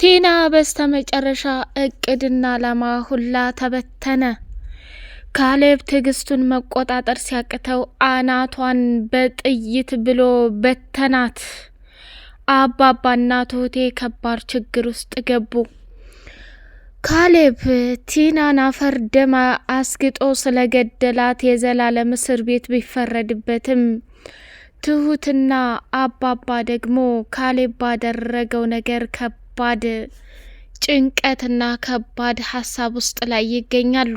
ቲና በስተመጨረሻ እቅድና ዓላማ ሁላ ተበተነ። ካሌብ ትዕግስቱን መቆጣጠር ሲያቅተው አናቷን በጥይት ብሎ በተናት። አባባና ትሁቴ ከባድ ችግር ውስጥ ገቡ። ካሌብ ቲናን አፈር ደም አስግጦ ስለገደላት የዘላለም እስር ቤት ቢፈረድበትም ትሁትና አባባ ደግሞ ካሌብ ባደረገው ነገር ከባድ ከባድ ጭንቀትና ከባድ ሀሳብ ውስጥ ላይ ይገኛሉ።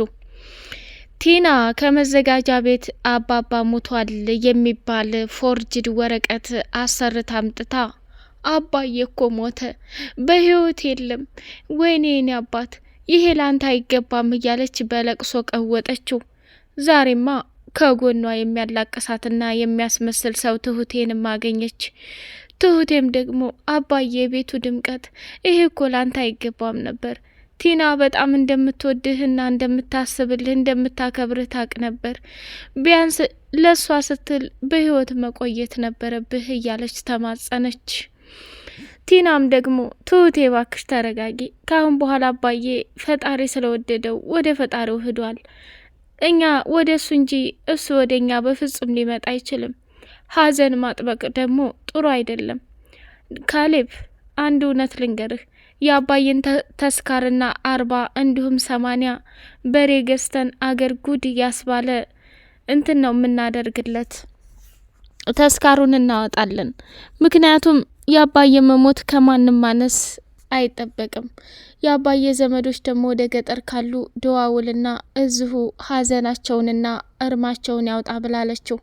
ቲና ከመዘጋጃ ቤት አባባ ሙቷል የሚባል ፎርጅድ ወረቀት አሰርታ አምጥታ አባዬ እኮ ሞተ፣ በህይወት የለም፣ ወይኔ የኔ አባት፣ ይሄ ላንተ አይገባም እያለች በለቅሶ ቀወጠችው። ዛሬማ ከጎኗ የሚያላቅሳትና የሚያስመስል ሰው ትሁቴንም አገኘች። ትሁቴም ደግሞ አባዬ፣ የቤቱ ድምቀት ይሄ እኮ ላንተ አይገባም ነበር። ቲና በጣም እንደምትወድህና እንደምታስብልህ እንደምታከብርህ ታቅ ነበር። ቢያንስ ለእሷ ስትል በህይወት መቆየት ነበረብህ እያለች ተማጸነች። ቲናም ደግሞ ትሁቴ ባክሽ ተረጋጊ፣ ካሁን በኋላ አባዬ ፈጣሪ ስለወደደው ወደ ፈጣሪው ሂዷል። እኛ ወደ እሱ እንጂ እሱ ወደ እኛ በፍጹም ሊመጣ አይችልም። ሀዘን ማጥበቅ ደግሞ ጥሩ አይደለም። ካሌብ አንድ እውነት ልንገርህ የአባይን ተስካርና አርባ እንዲሁም ሰማኒያ በሬ ገዝተን አገር ጉድ ያስባለ እንትን ነው የምናደርግለት፣ ተስካሩን እናወጣለን። ምክንያቱም የአባየ መሞት ከማንም ማነስ አይጠበቅም። የአባየ ዘመዶች ደግሞ ወደ ገጠር ካሉ ደዋውልና እዚሁ ሀዘናቸውንና እርማቸውን ያውጣ ብላለችው።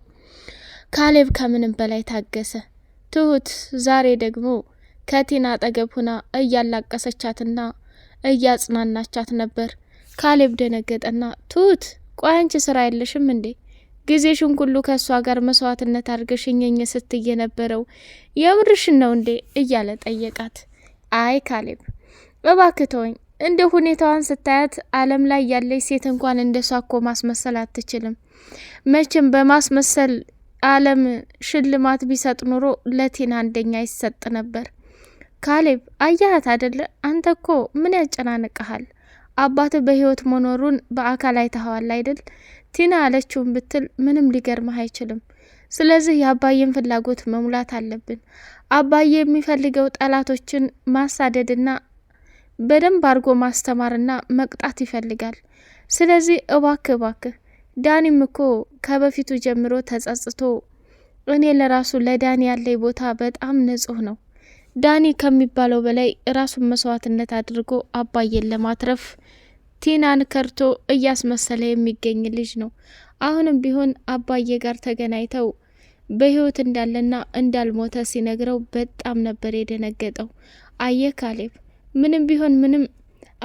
ካሌብ ከምንም በላይ ታገሰ። ትሁት ዛሬ ደግሞ ከቲና አጠገብ ሁና እያላቀሰቻትና እያጽናናቻት ነበር። ካሌብ ደነገጠና ትሁት ቆይ አንቺ ስራ የለሽም እንዴ? ጊዜሽን ሁሉ ከእሷ ጋር መስዋዕትነት አድርገሽ እኘኝ ስትይ የነበረው የምርሽን ነው እንዴ? እያለ ጠየቃት። አይ ካሌብ እባክተወኝ እንደ ሁኔታዋን ስታያት ዓለም ላይ ያለች ሴት እንኳን እንደሷ እኮ ማስመሰል አትችልም። መቼም በማስመሰል አለም ሽልማት ቢሰጥ ኑሮ ለቲና አንደኛ ይሰጥ ነበር። ካሌብ አያህት አደለ? አንተ እኮ ምን ያጨናንቀሃል? አባት በህይወት መኖሩን በአካል አይተኸዋል አይደል? ቲና አለችውን ብትል ምንም ሊገርምህ አይችልም። ስለዚህ የአባዬን ፍላጎት መሙላት አለብን። አባዬ የሚፈልገው ጠላቶችን ማሳደድና በደንብ አድርጎ ማስተማርና መቅጣት ይፈልጋል። ስለዚህ እባክህ እባክህ ዳኒም እኮ ከበፊቱ ጀምሮ ተጸጽቶ እኔ ለራሱ ለዳኒ ያለኝ ቦታ በጣም ንጹህ ነው። ዳኒ ከሚባለው በላይ ራሱን መስዋዕትነት አድርጎ አባዬን ለማትረፍ ቲናን ከርቶ እያስመሰለ የሚገኝ ልጅ ነው። አሁንም ቢሆን አባዬ ጋር ተገናኝተው በህይወት እንዳለና እንዳልሞተ ሲነግረው በጣም ነበር የደነገጠው። አየ ካሌብ፣ ምንም ቢሆን ምንም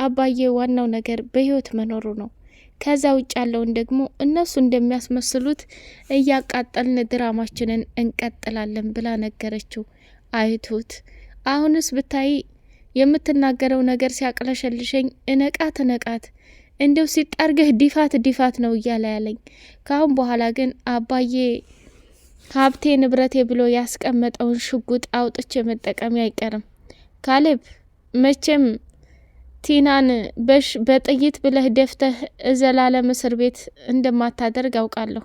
አባዬ ዋናው ነገር በህይወት መኖሩ ነው። ከዛ ውጭ ያለውን ደግሞ እነሱ እንደሚያስመስሉት እያቃጠልን ድራማችንን እንቀጥላለን ብላ ነገረችው። አይቱት አሁንስ ብታይ የምትናገረው ነገር ሲያቅለሸልሸኝ እነቃት እነቃት እንደው ሲጠርግህ ዲፋት ዲፋት ነው እያለ ያለኝ። ከአሁን በኋላ ግን አባዬ ሀብቴ ንብረቴ ብሎ ያስቀመጠውን ሽጉጥ አውጥቼ መጠቀሚ አይቀርም ካሌብ መቼም ቲናን በሽ በጥይት ብለህ ደፍተህ እዘላለም እስር ቤት እንደማታደርግ አውቃለሁ።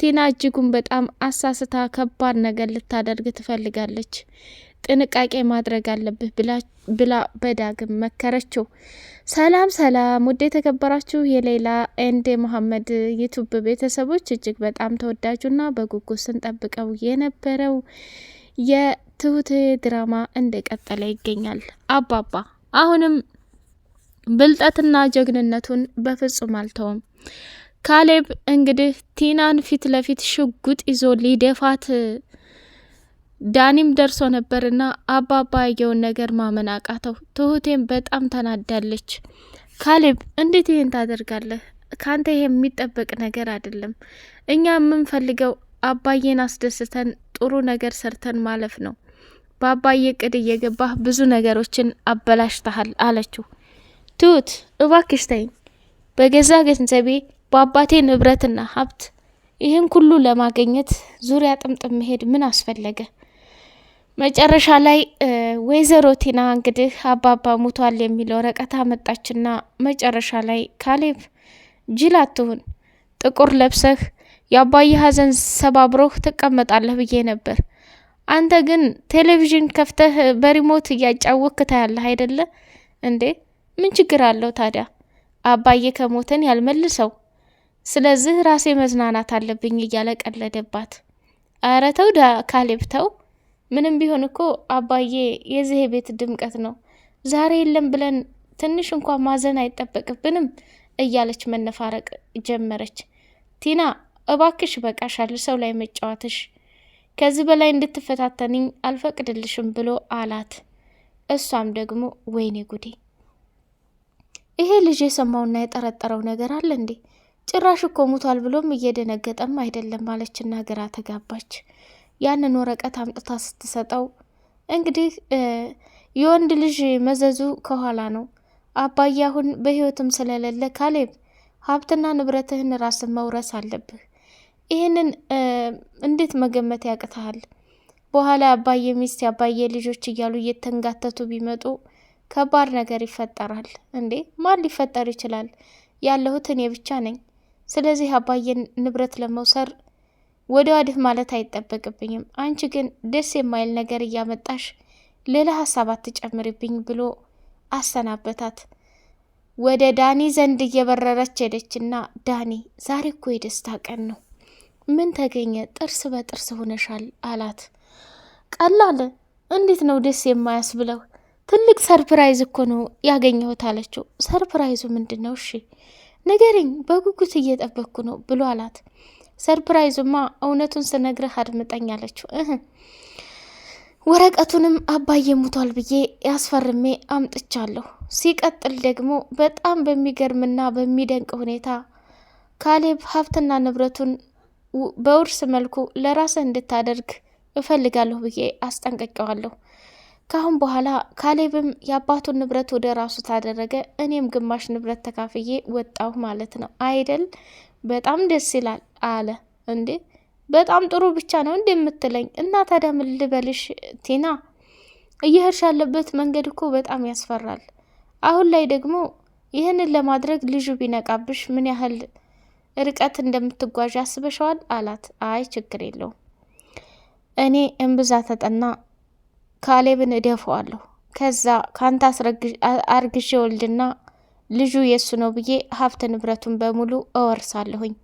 ቲና እጅጉን በጣም አሳስታ ከባድ ነገር ልታደርግ ትፈልጋለች። ጥንቃቄ ማድረግ አለብህ ብላ በዳግም መከረችው። ሰላም ሰላም! ውድ የተከበራችሁ የሌላ ኤንዴ መሐመድ ዩቱብ ቤተሰቦች እጅግ በጣም ተወዳጁና በጉጉት ስንጠብቀው የነበረው የትሁት ድራማ እንደቀጠለ ይገኛል። አባባ አሁንም ብልጠትና ጀግንነቱን በፍጹም አልተውም። ካሌብ እንግዲህ ቲናን ፊት ለፊት ሽጉጥ ይዞ ሊደፋት ዳኒም ደርሶ ነበርና አባባ ያየውን ነገር ማመን አቃተው። ትሁቴም በጣም ተናዳለች። ካሌብ እንዴት ይህን ታደርጋለህ? ካንተ ይሄ የሚጠበቅ ነገር አይደለም። እኛ የምንፈልገው አባዬን አስደስተን ጥሩ ነገር ሰርተን ማለፍ ነው። በአባዬ ቅድ እየገባህ ብዙ ነገሮችን አበላሽተሃል አለችው። ትሁት እባክሽ ተይኝ። በገዛ ገንዘቤ በአባቴ ንብረትና ሀብት ይህን ሁሉ ለማገኘት ዙሪያ ጥምጥም መሄድ ምን አስፈለገ? መጨረሻ ላይ ወይዘሮ ቲና እንግዲህ አባባ ሙቷል የሚለው ወረቀት አመጣችና መጨረሻ ላይ ካሌብ ጅል አትሁን፣ ጥቁር ለብሰህ የአባዬ ሀዘን ሰባብሮህ ትቀመጣለህ ብዬ ነበር። አንተ ግን ቴሌቪዥን ከፍተህ በሪሞት እያጫወክ ታያለህ አይደለ እንዴ? ምን ችግር አለው ታዲያ? አባዬ ከሞተን ያልመልሰው። ስለዚህ ራሴ መዝናናት አለብኝ እያለ ቀለደባት። አረ ተው ካሌብ ተው። ምንም ቢሆን እኮ አባዬ የዚህ ቤት ድምቀት ነው። ዛሬ የለም ብለን ትንሽ እንኳን ማዘን አይጠበቅብንም እያለች መነፋረቅ ጀመረች። ቲና እባክሽ በቃሻል፣ ሰው ላይ መጫወትሽ ከዚህ በላይ እንድትፈታተንኝ አልፈቅድልሽም ብሎ አላት። እሷም ደግሞ ወይኔ ጉዴ ይሄ ልጅ የሰማውና የጠረጠረው ነገር አለ እንዴ? ጭራሽ እኮ ሙቷል ብሎም እየደነገጠም አይደለም አለችና ግራ ተጋባች። ያንን ወረቀት አምጥታ ስትሰጠው እንግዲህ የወንድ ልጅ መዘዙ ከኋላ ነው። አባዬ አሁን በህይወትም ስለሌለ ካሌብ ሀብትና ንብረትህን ራስን መውረስ አለብህ። ይህንን እንዴት መገመት ያቅትሃል? በኋላ አባዬ ሚስት፣ አባዬ ልጆች እያሉ እየተንጋተቱ ቢመጡ ከባድ ነገር ይፈጠራል። እንዴ ማን ሊፈጠር ይችላል? ያለሁት እኔ ብቻ ነኝ። ስለዚህ አባዬን ንብረት ለመውሰር ወደ ዋድህ ማለት አይጠበቅብኝም። አንቺ ግን ደስ የማይል ነገር እያመጣሽ ሌላ ሀሳብ አትጨምርብኝ ብሎ አሰናበታት። ወደ ዳኒ ዘንድ እየበረረች ሄደች እና ዳኒ ዛሬ እኮ የደስታ ቀን ነው፣ ምን ተገኘ? ጥርስ በጥርስ ሆነሻል አላት። ቀላል እንዴት ነው ደስ የማያስ ብለው ትልቅ ሰርፕራይዝ እኮ ነው ያገኘሁት አለችው። ሰርፕራይዙ ምንድን ነው? እሺ ንገረኝ፣ በጉጉት እየጠበቅኩ ነው ብሎ አላት። ሰርፕራይዙማ እውነቱን ስነግርህ አድምጠኝ አለችው። ወረቀቱንም አባዬ ሙቷል ብዬ ያስፈርሜ አምጥቻለሁ። ሲቀጥል ደግሞ በጣም በሚገርምና በሚደንቅ ሁኔታ ካሌብ ሀብትና ንብረቱን በውርስ መልኩ ለራስህ እንድታደርግ እፈልጋለሁ ብዬ አስጠንቅቄዋለሁ። ካሁን በኋላ ካሌብም የአባቱን ንብረት ወደ ራሱ ታደረገ፣ እኔም ግማሽ ንብረት ተካፍዬ ወጣሁ ማለት ነው አይደል? በጣም ደስ ይላል አለ። እንዴ በጣም ጥሩ ብቻ ነው እንዴ የምትለኝ? እና ታዲያ ምን ልበልሽ ቲና፣ እየሄድሽ ያለበት መንገድ እኮ በጣም ያስፈራል። አሁን ላይ ደግሞ ይህንን ለማድረግ ልጁ ቢነቃብሽ ምን ያህል ርቀት እንደምትጓዥ አስበሸዋል አላት። አይ ችግር የለውም እኔ እምብዛ ተጠና ካሌብን እደፈዋለሁ። ከዛ ካንተ አርግሽ ወልድና ልጁ የእሱ ነው ብዬ ሀብት ንብረቱን በሙሉ እወርሳለሁኝ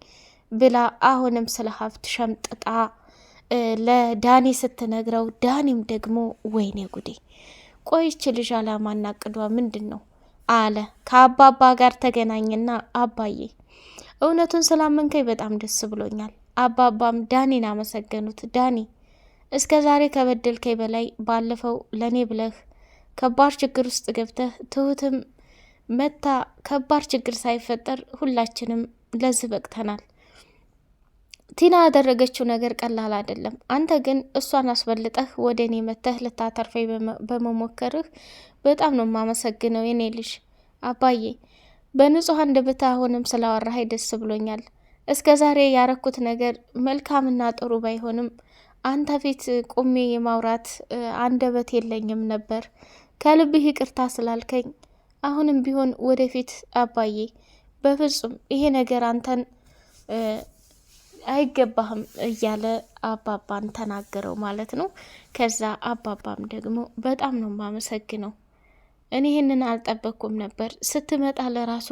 ብላ አሁንም ስለ ሀብት ሸምጥጣ ለዳኒ ስትነግረው ዳኒም ደግሞ ወይኔ ጉዴ ቆይች ልጅ አላማና ቅዷ ምንድን ነው አለ። ከአባባ ጋር ተገናኝና አባዬ እውነቱን ስላመንከኝ በጣም ደስ ብሎኛል። አባባም ዳኒን አመሰገኑት። ዳኒ እስከ ዛሬ ከበደልከኝ በላይ ባለፈው ለእኔ ብለህ ከባድ ችግር ውስጥ ገብተህ ትሁትም መታ ከባድ ችግር ሳይፈጠር ሁላችንም ለዚህ በቅተናል። ቲና ያደረገችው ነገር ቀላል አይደለም። አንተ ግን እሷን አስበልጠህ ወደ እኔ መተህ ልታተርፈኝ በመሞከርህ በጣም ነው የማመሰግነው የኔ ልጅ አባዬ። በንጹህ አንደበት አሁንም ስላወራህ ደስ ብሎኛል። እስከ ዛሬ ያረኩት ነገር መልካምና ጥሩ ባይሆንም አንተ ፊት ቁሜ የማውራት አንደበት የለኝም ነበር። ከልብህ ይቅርታ ስላልከኝ አሁንም ቢሆን ወደፊት አባዬ፣ በፍጹም ይሄ ነገር አንተን አይገባህም እያለ አባባን ተናገረው ማለት ነው። ከዛ አባባም ደግሞ በጣም ነው የማመሰግነው፣ እኔ ይህንን አልጠበቅኩም ነበር ስትመጣ ለራሱ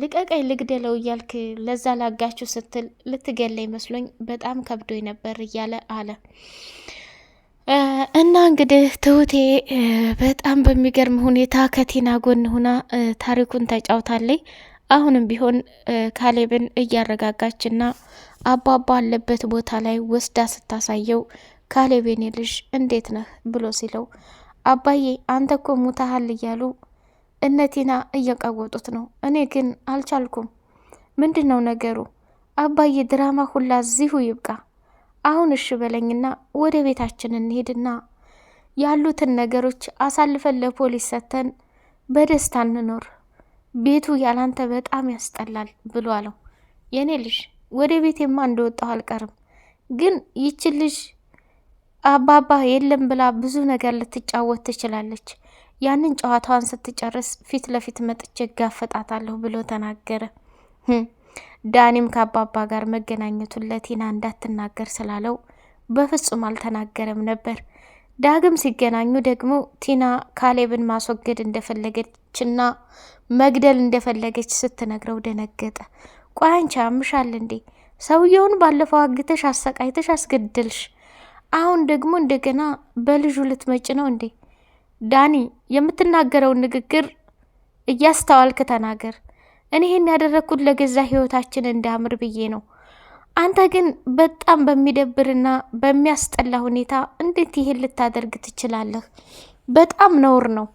ልቀቀኝ ልግደለው እያልክ ለዛ ላጋችሁ ስትል ልትገለኝ መስሎኝ በጣም ከብዶኝ ነበር እያለ አለ። እና እንግዲህ ትሁቴ በጣም በሚገርም ሁኔታ ከቲና ጎን ሆና ታሪኩን ተጫውታለች። አሁንም ቢሆን ካሌብን እያረጋጋችና አባባ አለበት ቦታ ላይ ወስዳ ስታሳየው ካሌብ የኔ ልጅ እንዴት ነህ ብሎ ሲለው አባዬ አንተ እኮ ሙታሃል እያሉ እነቲና እየቀወጡት እየቃወጡት ነው። እኔ ግን አልቻልኩም። ምንድን ነው ነገሩ? አባዬ ድራማ ሁላ እዚሁ ይብቃ። አሁን እሺ በለኝና ወደ ቤታችን እንሄድና ያሉትን ነገሮች አሳልፈን ለፖሊስ ሰጥተን በደስታ እንኖር። ቤቱ ያላንተ በጣም ያስጠላል ብሎ አለው። የኔ ልጅ ወደ ቤቴማ እንደወጣሁ አልቀርም፣ ግን ይችን ልጅ አባባ የለም ብላ ብዙ ነገር ልትጫወት ትችላለች። ያንን ጨዋታዋን ስትጨርስ ፊት ለፊት መጥቼ እጋፈጣታለሁ ብሎ ተናገረ። ዳኒም ከአባባ ጋር መገናኘቱን ለቲና እንዳትናገር ስላለው በፍጹም አልተናገረም ነበር። ዳግም ሲገናኙ ደግሞ ቲና ካሌብን ማስወገድ እንደፈለገችና መግደል እንደፈለገች ስትነግረው ደነገጠ። ቋንቻ አንቺ አምሻል እንዴ? ሰውየውን ባለፈው አግተሽ አሰቃይተሽ አስገደልሽ፣ አሁን ደግሞ እንደገና በልጁ ልትመጭ ነው እንዴ? ዳኒ የምትናገረውን ንግግር እያስተዋልክ ተናገር። እኔ ይህን ያደረግኩት ለገዛ ህይወታችን እንዳምር ብዬ ነው። አንተ ግን በጣም በሚደብርና በሚያስጠላ ሁኔታ እንዴት ይሄን ልታደርግ ትችላለህ? በጣም ነውር ነው።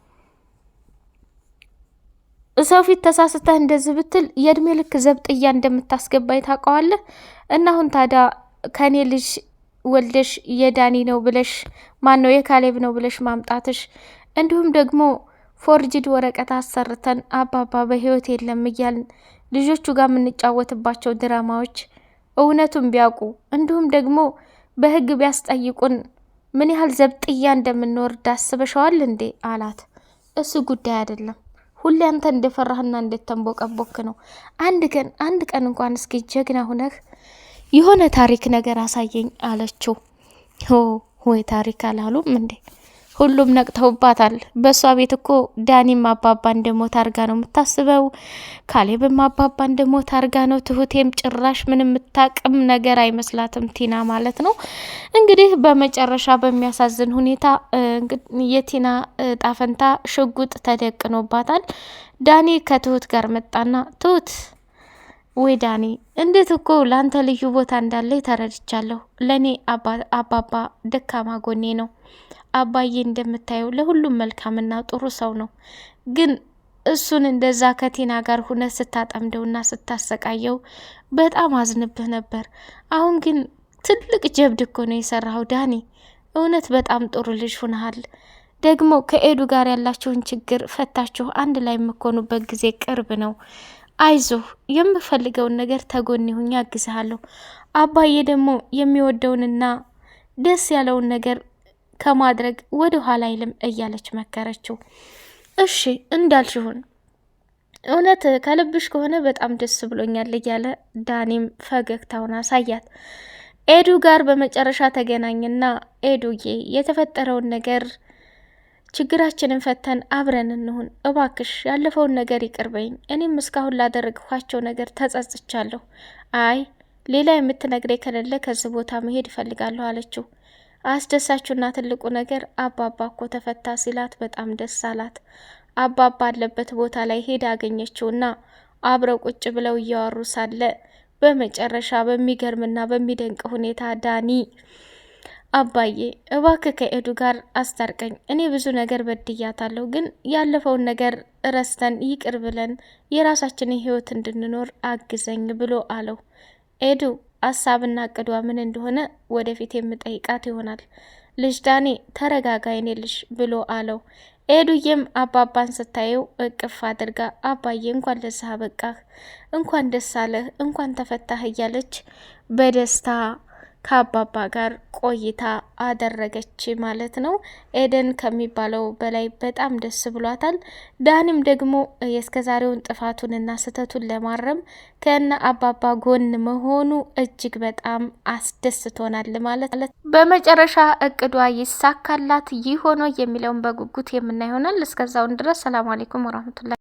ሰው ፊት ተሳስተህ እንደዚህ ብትል የእድሜ ልክ ዘብጥያ እንደምታስገባኝ ታውቀዋለህ። እና አሁን ታዲያ ከእኔ ልጅ ወልደሽ የዳኒ ነው ብለሽ ማን ነው የካሌብ ነው ብለሽ ማምጣትሽ እንዲሁም ደግሞ ፎርጅድ ወረቀት አሰርተን አባባ በህይወት የለም እያልን ልጆቹ ጋር የምንጫወትባቸው ድራማዎች እውነቱን ቢያውቁ እንዲሁም ደግሞ በህግ ቢያስጠይቁን ምን ያህል ዘብጥያ እንደምንወርድ አስበሸዋል እንዴ አላት። እሱ ጉዳይ አይደለም። ሁሌ አንተ እንደፈራህና እንደተንቦቀቦክ ነው። አንድ ቀን አንድ ቀን እንኳን እስኪ ጀግና ሁነህ የሆነ ታሪክ ነገር አሳየኝ አለችው። ሆ ወይ ታሪክ አላሉም እንዴ? ሁሉም ነቅተውባታል። በእሷ ቤት እኮ ዳኒም አባባ እንደሞት አርጋ ነው የምታስበው። ካሌብም አባባ እንደሞት አርጋ ነው። ትሁቴም ጭራሽ ምን የምታቅም ነገር አይመስላትም ቲና ማለት ነው። እንግዲህ በመጨረሻ በሚያሳዝን ሁኔታ የቲና ጣፈንታ ሽጉጥ ተደቅኖባታል። ዳኒ ከትሁት ጋር መጣና ትሁት ወይ ዳኒ እንዴት እኮ ለአንተ ልዩ ቦታ እንዳለ ተረድቻለሁ። ለእኔ አባባ ደካማ ጎኔ ነው። አባዬ እንደምታየው ለሁሉም መልካምና ጥሩ ሰው ነው። ግን እሱን እንደዛ ከቲና ጋር ሁነ ስታጠምደውና ስታሰቃየው በጣም አዝንብህ ነበር። አሁን ግን ትልቅ ጀብድ እኮ ነው የሰራኸው ዳኒ። እውነት በጣም ጥሩ ልጅ ሁነሃል። ደግሞ ከኤዱ ጋር ያላችሁን ችግር ፈታችሁ አንድ ላይ የምኮኑበት ጊዜ ቅርብ ነው። አይዞህ የምፈልገውን ነገር ተጎን ሁኝ አግዝሃለሁ። አባዬ ደግሞ የሚወደውንና ደስ ያለውን ነገር ከማድረግ ወደ ኋላ አይልም እያለች መከረችው። እሺ እንዳልሽሁን እውነት ከልብሽ ከሆነ በጣም ደስ ብሎኛል እያለ ዳኒም ፈገግታውን አሳያት። ኤዱ ጋር በመጨረሻ ተገናኝና ኤዱዬ የተፈጠረውን ነገር ችግራችንን ፈተን አብረን እንሁን እባክሽ። ያለፈውን ነገር ይቅርበኝ። እኔም እስካሁን ላደረግኳቸው ነገር ተጸጽቻለሁ። አይ ሌላ የምትነግሬ ከሌለ ከዚህ ቦታ መሄድ እፈልጋለሁ አለችው። አስደሳችሁና ትልቁ ነገር አባባ እኮ ተፈታ ሲላት በጣም ደስ አላት። አባባ አለበት ቦታ ላይ አገኘችው አገኘችውና አብረው ቁጭ ብለው እያወሩ ሳለ በመጨረሻ በሚገርምና በሚደንቅ ሁኔታ ዳኒ አባዬ እባክህ ከኤዱ ጋር አስታርቀኝ። እኔ ብዙ ነገር በድያታለሁ፣ ግን ያለፈውን ነገር ረስተን ይቅር ብለን የራሳችንን ህይወት እንድንኖር አግዘኝ ብሎ አለው። ኤዱ ሀሳብና እቅዷ ምን እንደሆነ ወደፊት የምጠይቃት ይሆናል። ልጅ ዳኔ ተረጋጋ የኔ ልጅ ብሎ አለው። ኤዱዬም አባባን ስታየው እቅፍ አድርጋ አባዬ እንኳን ለዚህ አበቃህ፣ እንኳን ደስ አለህ፣ እንኳን ተፈታህ እያለች በደስታ ከአባባ ጋር ቆይታ አደረገች ማለት ነው። ኤደን ከሚባለው በላይ በጣም ደስ ብሏታል። ዳንም ደግሞ የእስከዛሬውን ጥፋቱንና ስህተቱን ለማረም ከነ አባባ ጎን መሆኑ እጅግ በጣም አስደስቶናል ማለት ነው። በመጨረሻ እቅዷ ይሳካላት ይሆኖ የሚለውን በጉጉት የምናይሆናል። እስከዛውን ድረስ ሰላም አሌይኩም ወራህመቱላ